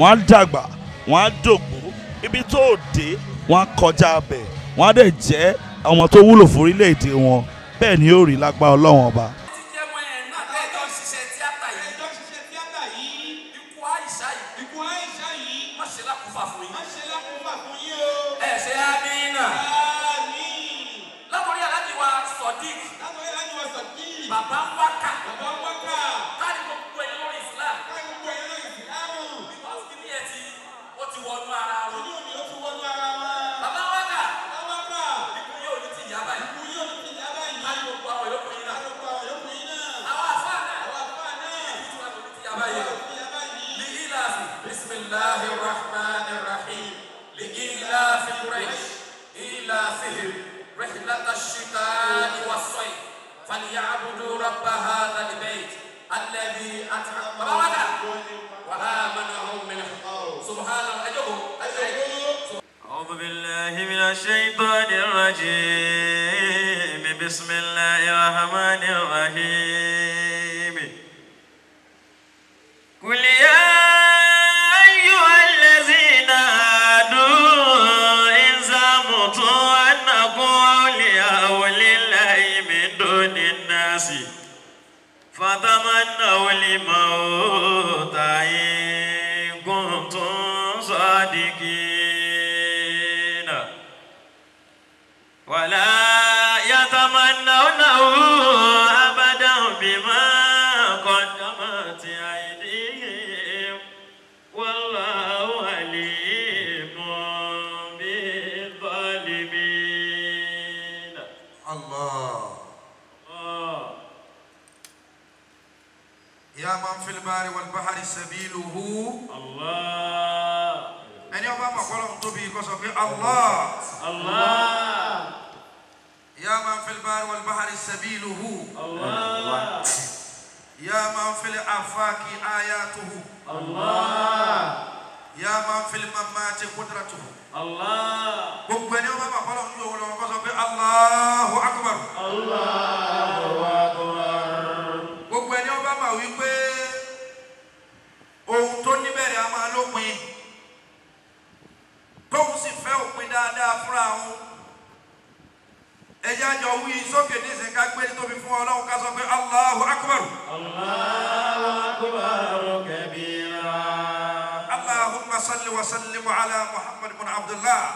wọ́n á dàgbà wọ́n á dògbò ibi tó o dé wọ́n á kọjá abẹ̀ wọ́n á dẹ̀ jẹ́ ọmọ tó wúlò fún orílẹ̀ wọn bẹ́ẹ̀ ni yóò rí lágbára ọlọ́run ọba. رحلة الشتاء والصيف فليعبدوا رب هذا البيت الذي أتعب رمضان وآمنهم من سبحان الله أعوذ بالله من الشيطان الرجيم بسم الله الرحمن الرحيم أنه لموت yujliluhu Allah ẹni ọba mọ̀kọ́lọ́hún tóbi kó sọ pé Allah Allah ya man fil bahri wal bahri sabiluhu Allah ya man fil afaqi ayatuhu Allah ya man fil mamati qudratuhu Allah gbogbo ẹni ọba mọ̀kọ́lọ́hún yóò wọlé wọn kó sọ pé Allah. عبد الله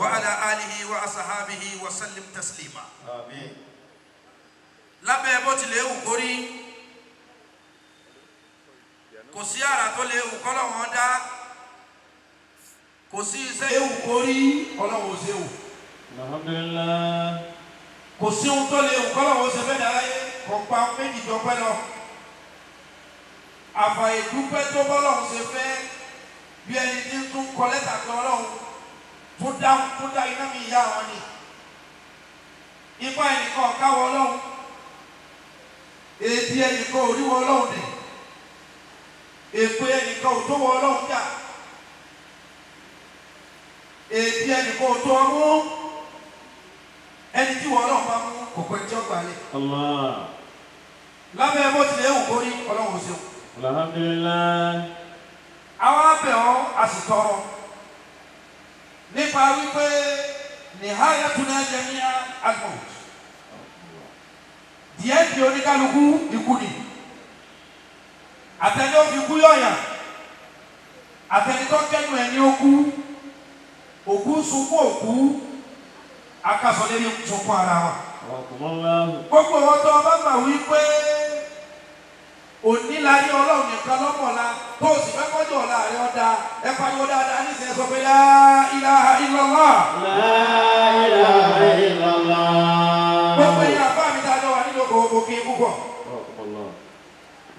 وعلى آله وأصحابه وسلم تسليما آمين lábẹ́ bó ti lè wù kórí kò sí àrà tó lè wù kọ́lọ́wọ́n dá kò sí iṣẹ́ lè wù kórí ọlọ́wọ́ ṣe wù. alhamdulillah. kò sí ohun tó lè wù kọ́lọ́wọ́ ṣe fẹ́ dára yé kò pa méjì jọ pẹ́ lọ àfàìdúpẹ́ tó bọ́lọ́hún ṣe fẹ́ bí ẹni tí ń tún kọ lẹ́tà kan ọlọ́run tó dá tó dá iná mi ìyá wọn ni ipa ẹnìkan káwọ ọlọ́run èdè ẹnìkan oríwọ ọlọ́run dẹ̀ èpè ẹnìkan òtówọ ọlọ́run jà èdè ẹnìkan òtó ọmú ẹni tí wọn ọlọ́run bá mú kò pẹ́ tí ó gbà lẹ̀. lábẹ́ bó tilẹ̀ ń kórí ọlọ́run ṣeun. alhamdulilayi. àwọn abẹ́ ọ asitọ́rọ nípa wípé ní ha yàtúndà ẹ̀jẹ̀ ní agbọ̀n di oníkálukú ikú ni àtẹ̀lé òfin kú yọ̀ọ̀yà àtẹ̀lẹ́tọ́ kẹ́nu ẹ̀ ní okú òkú sunkún òkú sunkún ara wa gbogbo ọ̀tọ̀ ọba wípé. òní la yé ọlọ́run nìkan lọ́mọ̀la tó o sì fẹ́ kọ́jọ́ ọ̀la rẹ ọ̀dà ẹ pariwo dáadáa nísìnyẹ sọ pé la ilaha illallah. la ilaha illallah. gbogbo ìyá bá mi dájọ́ wa nínú gbogbo kí n púpọ̀.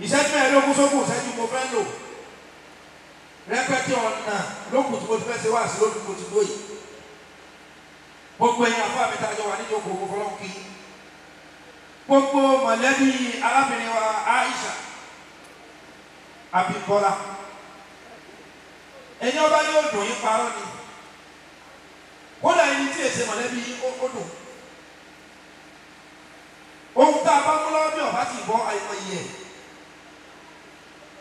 ìṣẹ́jú mẹ́ẹ̀ẹ́dógún sókùn ìṣẹ́jú mo fẹ́ lò rẹpẹtẹ ọ̀nà lókùn tí mo ti fẹ́ ṣe wá sí lókùn mo ti lóyè. gbogbo ìyá bá mi dájọ́ wa nínú gbogbo fọlọ́kì Aisha. Abímbọ́lá ẹ̀yin ọba ní odò yín parọ́ ni kódà ẹni tí èsè mọ̀lẹ́bí yín ó dùn ohun tá a bá mú lọ́wọ́ bí ọba ti bọ́ àìmọ̀ yìí ẹ̀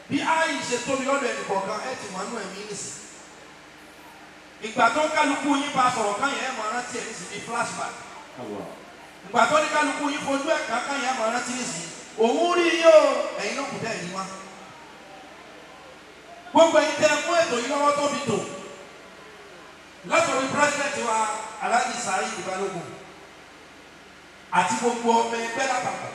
bí ayi ṣe tóbi lọ́dọ̀ ẹnì kọ̀ọ̀kan ẹ̀ ti mọ̀nú ẹ̀mí nìsí ìgbà tó ń kálukú yín bá sọ̀rọ̀ kan yẹn ẹ̀ mọ̀ rántí ẹ̀ nìsí bíi flashback ìgbà tó ní kálukú yín fojú ẹ̀ kankan yẹn ẹ̀ mọ̀ rántí nìsí òun rí yóò ẹ̀yin náà kù dẹ́ ẹ̀yin wá gbogbo ẹ̀yin tẹ́ fún ètò yìí lọ́wọ́ tóbi tò látòrí pírẹsidẹ̀ntì wa Alhaji Saheed Balógun àti gbogbo ọmọ ẹgbẹ́ lápapọ̀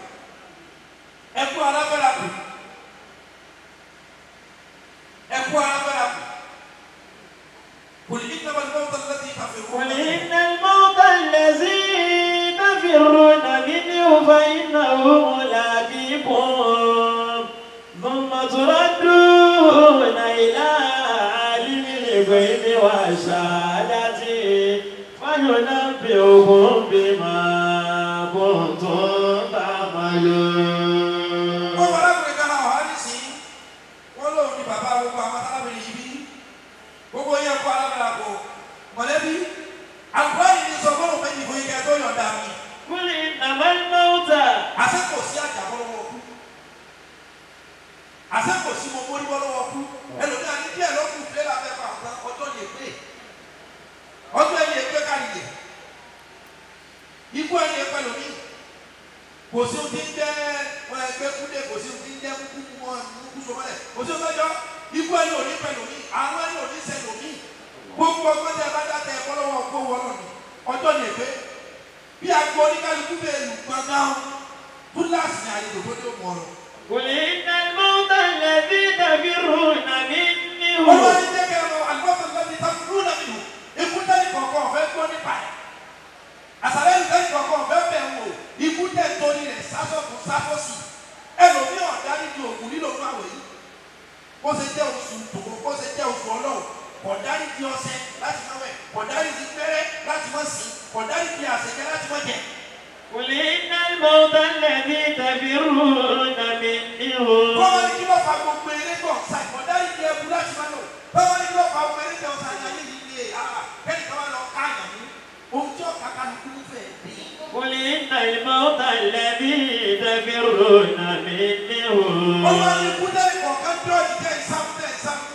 a s a kosima omoli w a l o bó ṣe jẹ́ oṣù tòkó bó ṣe jẹ́ oṣù ọlọ́run kọ̀dárí di ọṣẹ láti má wẹ̀ kọ̀dárí di pẹ́rẹ́ láti má sìn kọ̀dárí di àṣẹjẹ láti má jẹ. Kùlì iná ìmọ̀ tẹ́lẹ̀ ní tẹ̀bí rú nàmì ní o. Bọ́lá ní kí gbogbo eré gbọ̀ ṣàì kọ̀dárí di ẹbu láti má lò. Bọ́lá ní kí ló gbogbo eré jẹun ṣàì ayé yìí ni àhà kẹ́lí kan wá ìmọ̀ tẹ́lẹ̀ ní tẹ̀bí rú nàmì ní o. Bọ́lá dọ́ọ̀dì dẹ́ ìsáfù dẹ́ ìsáfù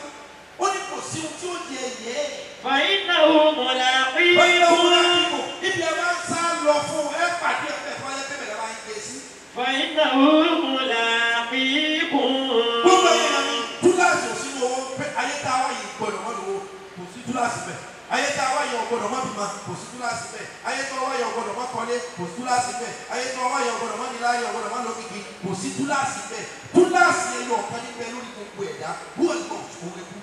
ó ní kò sí ohun tí ó di ẹ̀yẹ. fàyín náà ó mọ̀ là ń kú. fàyín gbogbo ẹ̀yàn mi túláàsì ò owó ayé táwa yìí gbọ́dọ̀ wọ́n lò ó kò sí túláàsì bẹ́ẹ̀ ayé tá a wá yọ ọgbọdọ má bímọ kò sí túláàsì bẹ́ẹ̀ ayé tó wá yọ ọgbọdọ má kọ́lé kò sí túláàsì bẹ́ẹ̀ ayé tó wá yọ ọgbọdọ má nílá yọ ọgbọdọ má lókìkí kò sí túláàsì bẹ́ẹ̀ túláàsì ẹyọ ọ̀kan níbẹ̀ lórí gbogbo ẹ̀dá wọ́n gbọ́ òṣùwọ̀n ẹ̀kú.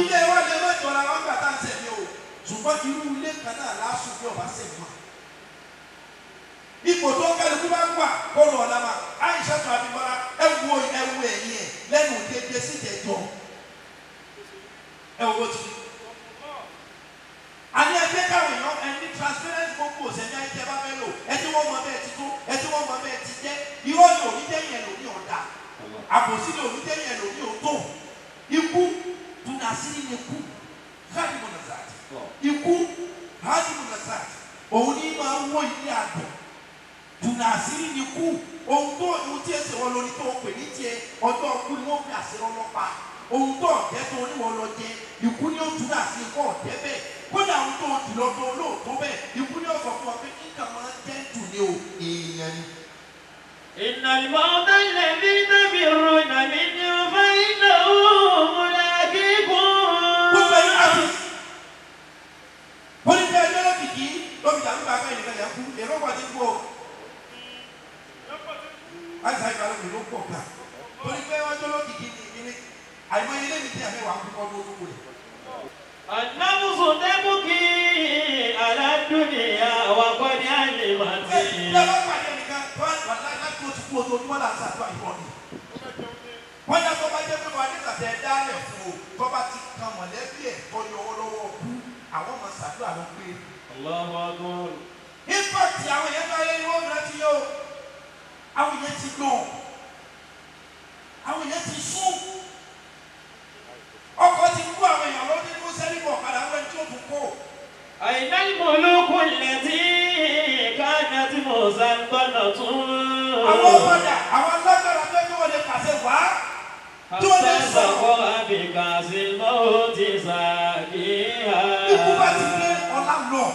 ilé wa lè má jọra wọn gbà tá à ń o ṣùgbọ́n irú ilé kan náà lásùn bí ọba sẹ̀mí wa ipò tó kálukú bá gbà kó lọ́ọ̀lá ma lẹ́nu dédé sí ìjẹjọ ẹ wò ti ani ẹgbẹ káwọn èèyàn ẹni transparent gbogbo ọsẹni ayíjẹ bá fẹ́ lò ẹtí wọn mọ bẹ́ẹ̀ ti tó ẹtí wọn mọ bẹ́ẹ̀ ti jẹ irọ́ ni òní dẹ́yìn ẹ̀ lòní ọ̀dà àbòsí ni òní dẹ́yìn ẹ̀ lòní ọ̀tọ̀ ikú tunasiri ni ikú hadimu nazati ikú hadimu nazati òun ni máa wọ ilé àgbẹ̀ tunasiri ni ikú ohun tó ohun tí èsì wọn lórí tó pè ní tiẹ̀ ọjọ́ ọkú ni wọ́n fi àṣírí ọlọ́pàá ohun tó ọ̀jẹ́ tó oníwọ̀n lọ jẹ ikú ni ó túnra sí ikú ọ̀jẹ́ bẹ́ẹ̀ kódà ohun tó ti lọ tó lóòótọ́ bẹ́ẹ̀ ikú ni ó sọ fún ọ pé kíkà máa jẹ́ tù ní o èèyàn ni. ìnàlùmọ́ ọ̀dọ́ ilẹ̀ bí nàbí ọ̀rọ̀ ìnàbí ni ó fẹ́ iná òmùlẹ̀ àgíkùn. gbogbo ẹ̀yọ́ àti wọ́n ní bí ẹjọ́ lọ́kìkí lọ́kìkí àìsàn àlọ́ mi ló pọ̀ gbà torí pé wọ́n jọ́lọ́ kìkì ní ìdílé àìmọ ilé mi tí àmì wà á kúkọ́ lórí wò rẹ̀. Ànámùsù dẹ́kùkì aládùnìyà wà kọ́ ní àlè wà sí. Ẹ ẹ lọ́wọ́ pàdé nìkan tó wà láti ojú kú ojoojúmọ́ là ń sàdúrà ìwọ ni. Wọ́n yá tó bá jẹ́ pé wà ní ìtàtẹ̀ dálẹ̀ fún o, tó bá ti kan mọ̀lẹ́bí ẹ̀ kọ́ yọwọ́ lọ́wọ́ kú, àwọn ọmọ sàdúrà ló pé. Ìfọ̀tì àwọn yẹn náà yẹ ni wọ́n rántí yóò awo yɛ ti dɔn awo yɛ ti sún ọkọ ti kú àwọn ìyàwó nínú sẹ́ni bọ̀ padà wọ́n ti òkú kó. àyìnbá ni mo ló kún ilẹ̀ tí káàkiri tí mo sá ń gbọ́dọ̀ tún. àwọn ọmọdà àwọn alágbára pé kí wọ́n lè pàṣẹ wá. tí wọ́n lè sọ. àṣàkọ́ àbíkà sí mọ́wó ti ṣàkíyà. ikú bá ti dé ọlá lọ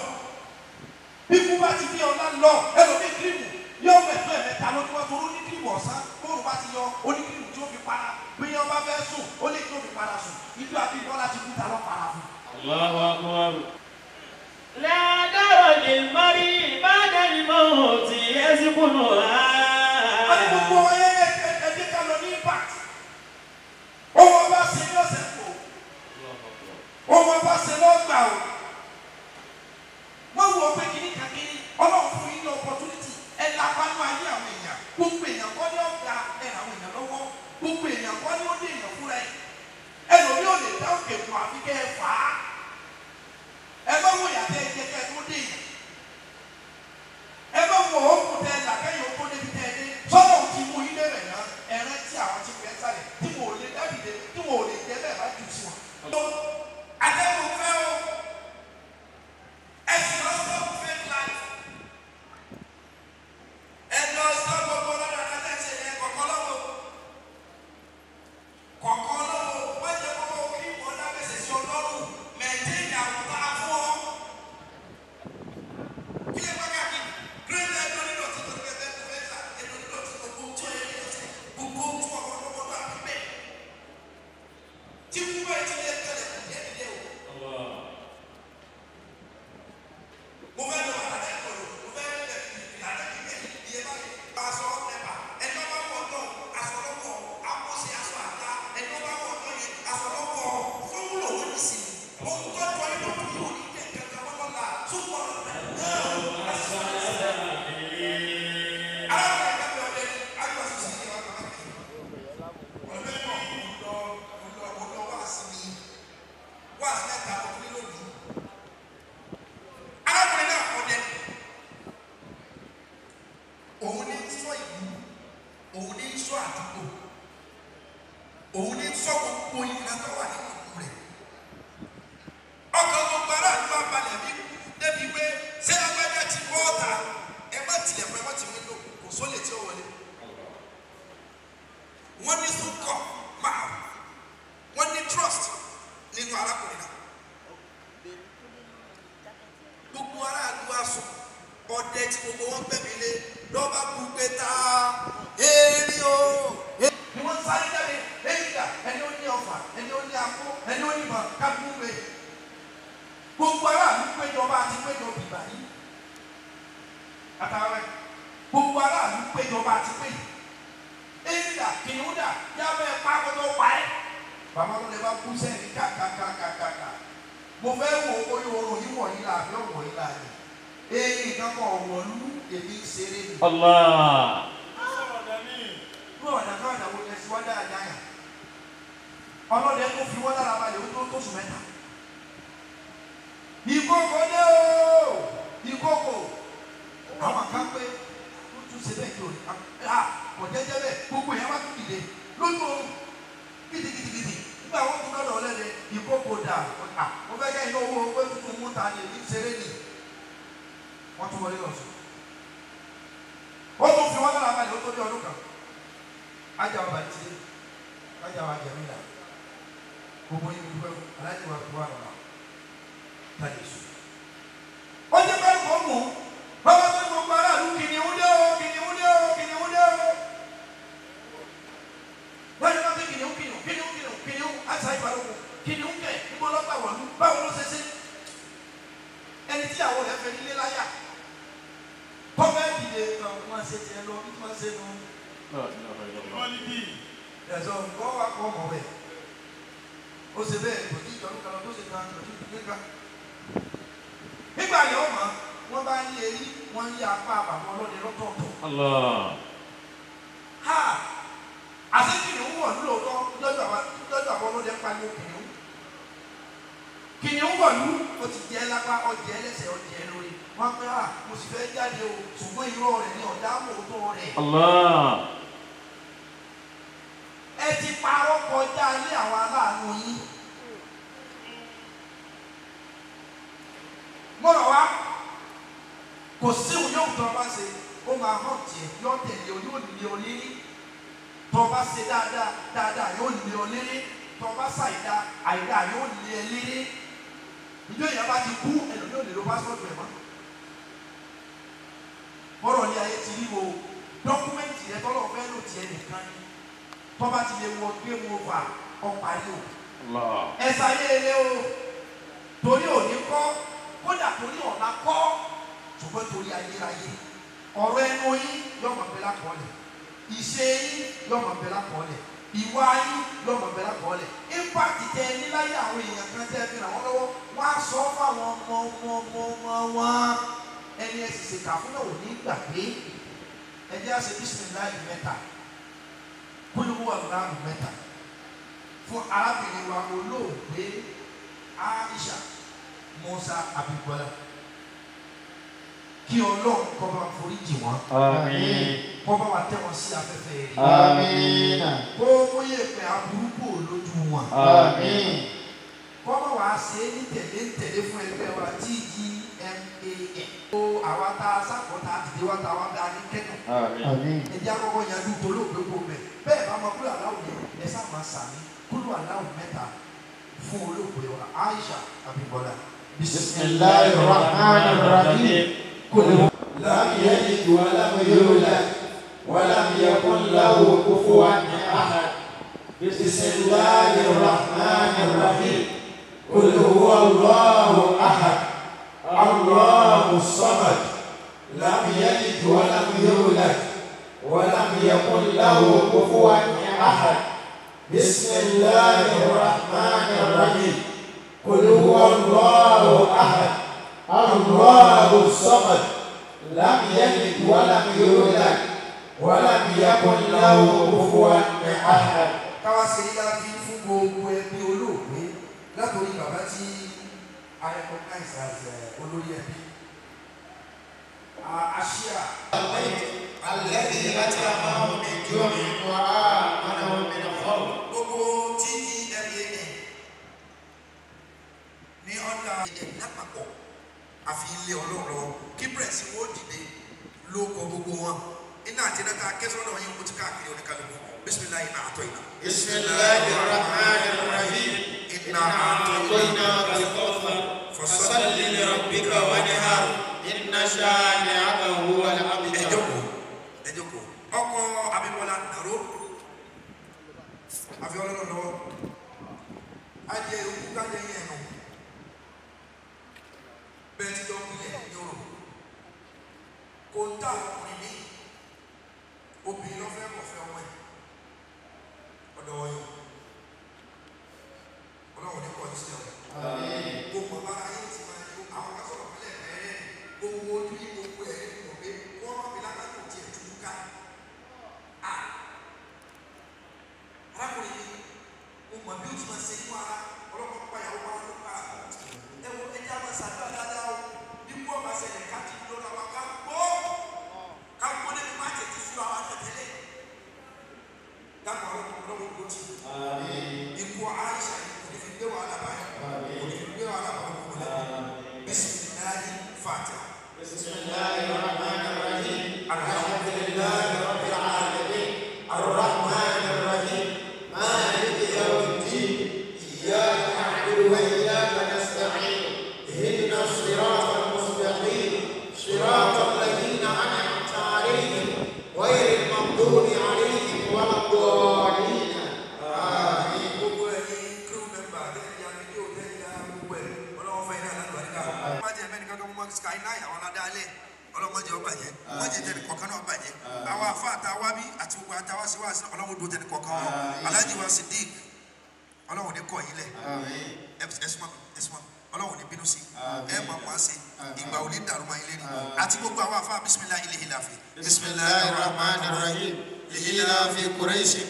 ikú bá ti dé ọlá lọ ẹlòmíì kírìmù yóò mẹ́tọ́ ẹ̀mẹ́ta lọ́dún wa toró ní kírìmù ọ̀sán bóòrù bá ti yọ ó tí ó fi para bí yẹn bá fẹ́ sùn ó lè tí fi para sùn ìlú àbí bọ́lá ti kúta lọ para fún. Allahu akbar. lẹ́dọ̀rọ̀ lè mọ́rí ìbáda ni mo ti ẹsìn kùnú rà. wọ́n ní gbogbo ẹ ẹdí kan lọ ní impact owó bá ṣe ní ọ̀sẹ̀ kù owó bá ṣe o wọ́n wọ pé kíní kàkiri ọlọ́run fún yín ní opportunity ẹ lápá ní ayé àwọn èèyàn gbogbo èèyàn kọ́ ni ó gba ẹ̀rọ àwọn èèyàn lọ́wọ́ gbogbo èèyàn kọ́ ni ó dé èèyàn fúnra ẹ̀ ẹlòmíì ò lè dá òkè w tí ó wọlé wọ́n ní sukọ máa wọ́n ní trust nínú arákùnrin na. gbogbo aráàlú aṣọ ọdẹ tí gbogbo wọn pẹ̀lú ilé lọ́ba kú pé ta eré o. wọ́n sáré jáde lẹ́yìn ìgbà ẹni ó ní ọfà ẹni ó ní akó ẹni ó ní ìmọ̀ kábíyú rẹ gbogbo aráàlú péjọba àti péjọ bìbà yìí gbogbo aráàlú péjọba ti pé éńdà kìnnúdà yábẹ́ pákótó pa ẹ́ bàbá tó lè bá kú sẹ́ni kàkàkàkàkà mo fẹ́ wo oyè oorun yìí wọ̀nyí la àbí ọ̀wọ̀ yìí la yẹ eyín kankan ọ̀wọ̀ lú èmi ń ṣeré mi. ọlá. ní ọ̀dà náà ìdàgbò yẹn ti wá dáadáa yà ọlọ́dẹ tó fi wọ́n lára balẹ̀ ó tó sùn mẹ́ta. ìkókò dé o ìkókò àwọn kan pé ṣe bẹ́ẹ̀ kí o a kò jẹ́jẹ́ bẹ́ẹ̀ gbogbo yẹn wá dìde lójú oorun gidigidigidi nígbà wọn tún lọ́dọ̀ ọlẹ́ni ìkókò dà a mo fẹ́ kẹ́ iná owó owó tuntun mú ta ni èmi ṣeré ni wọ́n tún wọlé lọ́sùn. ó tún fi wọ́n lára balẹ̀ ó tó bí ọdún kan ajá wa bàtí ajá wa jẹ̀mí là gbogbo yìí dúpẹ́ aláìsí wa fi wà lọ́wọ́ tá a lè sùn. ó ti bẹ́ẹ̀ kọ́ mú bàbá tó ń bọ̀ òótọ́ Allah. ẹ ti parọ́ kọjá ilé àwọn aláàánú yín. gbọ́dọ̀ wá kò sí òun yóò tọ́ bá ṣe ó máa hàn tiẹ̀ yóò tẹ̀lé o yóò lé o lérí tọ́ bá ṣe dáadáa dáadáa yóò lé o lérí tọ́ bá ṣàìdá àìdá yóò lé e lérí ìjọ ìyá bá ti kú ẹlòmíràn lè lo pásítọ̀tù ẹ̀ mọ́ bọ́rọ̀ ní ayé ti rí o dọ́kúmẹ́ǹtì rẹ tọ́lọ̀ fẹ́ lò tiẹ̀ nìkan ni tọ́ba ti lè wọ gbé wọn wà ọ̀pá yìí o ẹ sáyé ilé o torí òní kọ́ kódà torí ọ̀la kọ́ ṣùgbọ́n torí ayérayé ọ̀rọ̀ ẹnu yín yọ̀mọ̀ bẹ́lá kọ́lẹ̀ ìṣe yín yọ̀mọ̀ bẹ́lá kọ́lẹ̀ ìwà yín lọ́mọ bẹ́ẹ̀ lákọọ́lẹ̀ impact tẹ níláyé àwọn èèyàn kan tẹ́ fi ràn wọ́n lọ́wọ́ wọ́n á sọ fáwọn ọmọ ọmọ ọmọ wọn ẹni ẹ sì ṣèkà fún náà ò ní gbà pé ẹni á ṣe bísímìláì mẹ́ta kúlùwù àgbàmù mẹ́ta fún arábìnrin wa olóògbé Aisha Musa Abímbọ́lá kí ọlọ́run kó bá forí jì wọ́n. àmín. kó bá wa tẹ́ wọn sí afẹ́fẹ́ rẹ̀. àmín. kó mú yèpẹ̀ aburúkú lójú wọn. àmín. kó bá wa ṣe é ní tẹ̀lé tẹ̀lé fún ẹgbẹ́ wa tí yìí pé kó àwa tá a sàkóta àtìdé wa tá a wá da ní kẹ́nà. ẹ̀dí akọ́kọ́ yanjú tolóògbé kò mẹ́ bẹ́ẹ̀ bá mọ kúlò aláwọ̀ yẹn ẹ sá máa sàmì kúlò aláwọ̀ mẹ́ta fún olóògbé wa Aisha Abimbola. bisimilayi rahman rahim kulu. láàmì ẹni tó alámúyẹ̀wò la wàlámìyẹ kún láwọ kófó wa ní àhà. bisimilayi rahman rahim kulu wàllu ahad. الله الصمد لم يلد ولم يولد ولم يكن له كفوا احد بسم الله الرحمن الرحيم قل هو الله احد الله الصمد لم يلد ولم يولد ولم يكن له كفوا احد káwá ṣe ilá bí fún gbogbo ẹbí olóògbé látòrí bàbá tí I recognize as eh, olórí ẹbí. Aṣíà. Alẹ́ yìí láti àmọ́ omi ìjọ mi wá àmọ́ omi náà fọ́. Gbogbo tí EMAN ní ọ̀dà ìdẹ̀ lápapọ̀ àfi ilé ọlọ́rọ̀ kí pírẹ̀sì dìde ló kọ gbogbo wọn. Iná àti iná ká kẹ́sọ́ náà yín kó ti káàkiri oníkàlùkù. Bísímìláyì náà àtọ̀ ìlà. Bísímìláyì rahmanir rahim. Ìnà àtọ̀ ìlà. فصل لربك وانهار إن شانئك هو الأبتر ẹ jókòó ẹ jókòó ọkọ Abímbọ́lá nàró àfi Ọlọ́run lọ́wọ́ ayé ewu káyé yẹn nù bẹ́ẹ̀ ti dọkùn yẹn yọrọ kò ń tà. Bismillahirrahmanirrahim. Bismillahirrahmanirrahim. wá bí àti gbogbo àtàwá sí wá sí ọlọ́run dúró tẹni kọ̀ọ̀kan wọn aláàjì wa Siddiq ọlọ́run ní kọ̀ yín lẹ̀ ẹ̀sùnmọ́ ẹ̀sùnmọ́ ọlọ́run ní bínú sí ẹ̀ máa pa sí ìgbà òní dàrú máa ilé ni àti gbogbo àwọn afá bisimilá ilé ìlàfẹ́. bisimilá rahman rahim ìlàfẹ́ kùrẹ́sì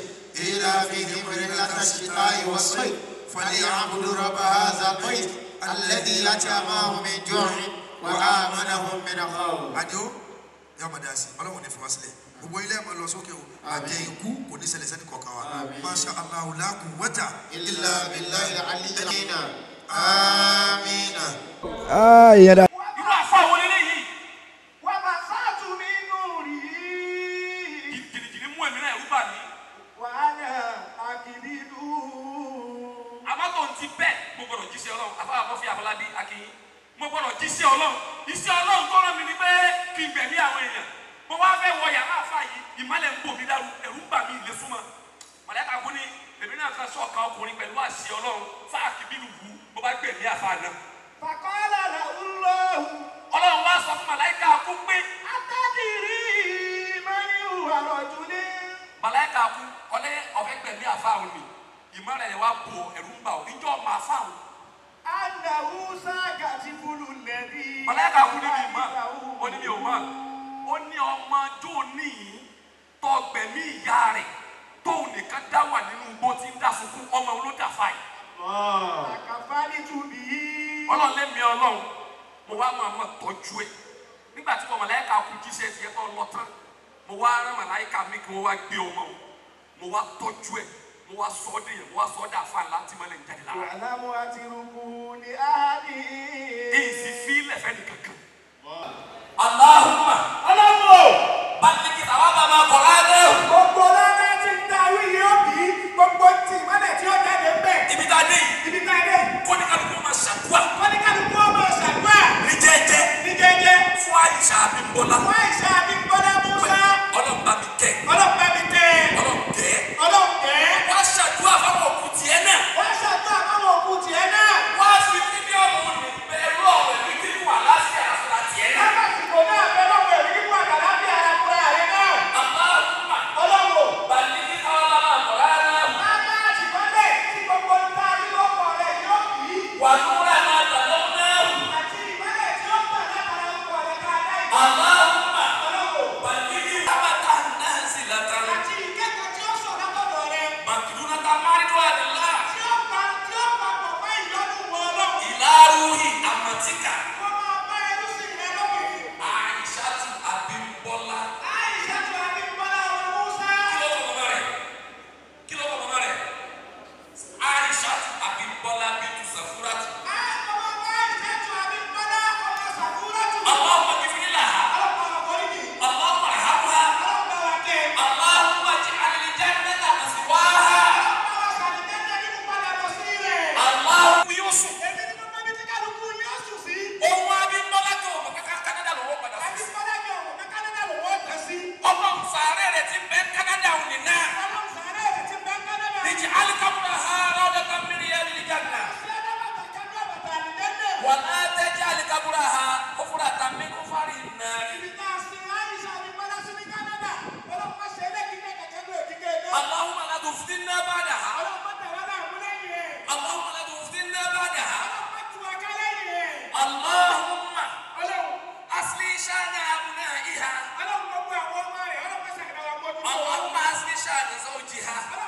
ìlàfẹ́ ìmọ̀lẹ́lá tàṣítà ìwọ̀sọ̀ فليعبدوا رب هذا البيت الذي أتماهم من جوع وآمنهم من خوف. أدعو يوم داسي، ولا هو نفوس ليه gbogbo ilé ẹ̀mọ́ lọ sókè o àjẹ ikú kò ní ṣẹlẹ̀ sẹ́ni kọ̀ọ̀kan wa masha allah la wata. illa billahi aliyyil azim amina. amina. Ah, irú àfa wo lélẹ̀ yìí. wà á sáà tún mi nù rí. jìnnìjìnnì mú ẹ̀mí náà ẹ̀rú bà mí. wà á nà àkìlì lù. àmọ́tò ń ti bẹ́ẹ̀ mo gbọ́dọ̀ jíṣẹ́ ọlọ́run àfa àbọ̀fẹ́ àbọ̀ládé akínyìn mo gbọ́dọ̀ jíṣẹ́ ọlọ́run iṣẹ́ ọlọ́run tó rán mi ni pé kí mo wá fẹ́ wọ yàrá àfa yìí ìmọ̀lẹ̀ ń bò mí dàrú ẹ̀rù ń bà mí ilé súnmọ́ mọ̀lẹ́ka kú ni èmi náà kan sọ̀ka ọkùnrin pẹ̀lú àṣẹ ọlọ́run fáàkì bínú wù mo bá gbé mi àfa náà. fàkọ́lá la ń lọ. ọlọ́run wá sọ fún mọ̀lẹ́ka kú pé. atadiri mani àròjù ni. mọ̀lẹ́ka kú ọlẹ́ ọ̀fẹ́ gbẹ̀mí àfa àwọn mi ìmọ̀lẹ̀ yẹn wá bò ẹ̀rù ń bà ọ́ ìjọ ọmọ àfa àwọn anahu sagati bulu nẹbi. mọlẹ́ka kú níbi ìmọ̀ ó níbi òmọ̀ ó ní ọmọ ọjọ́ òní yìí tọgbẹ̀mí ìyá rẹ̀ tóun nìkan dá wà nínú igbó tí ń ọmọ olódàfà yìí. àkàfà ní tùbí. ọlọ́run ọlọ́run mo wá máa mọ̀ tọ́jú ẹ̀ nígbà tí màláíkà kú jíṣẹ́ tiẹ̀ kọ́ lọ tán mo wá rán mi kí wọ́n wá gbé ọmọ o mo wá tọ́jú ẹ̀ mo wá sọ ọ́ dé yẹn mo wá sọ ọ́ dà fi ilẹ̀ fẹ́ nìkan ọlọ́run o. pàtàkì àwọn bàbá kọ̀ọ̀lá rẹ̀. gbogbo lọ́dẹ tí ń ta wí yóò bí gbogbo tì mọ́lẹ̀ tí ó jáde bẹ́ẹ̀. ibi tá a dé yìí. ibi tá a dé yìí. kọ́níkàlùkù máa ṣàdúrà. kọ́níkàlùkù máa ṣàdúrà. ní jẹ́jẹ́. ní shot is OG High.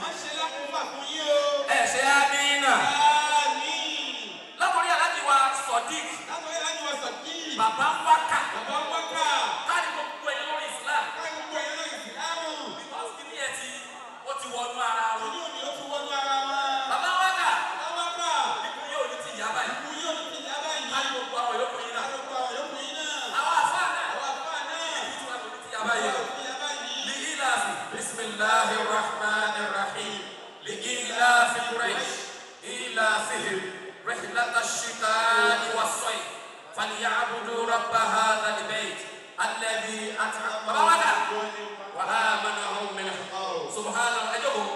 Má ṣe lákòókò fún yín o. Ẹ ṣe Amina. Àmín. Látọ̀rí aláàjì wa Sọ̀dík. Látọ̀rí aláàjì رب هذا البيت الذي أتعم وآمنهم من سبحان الله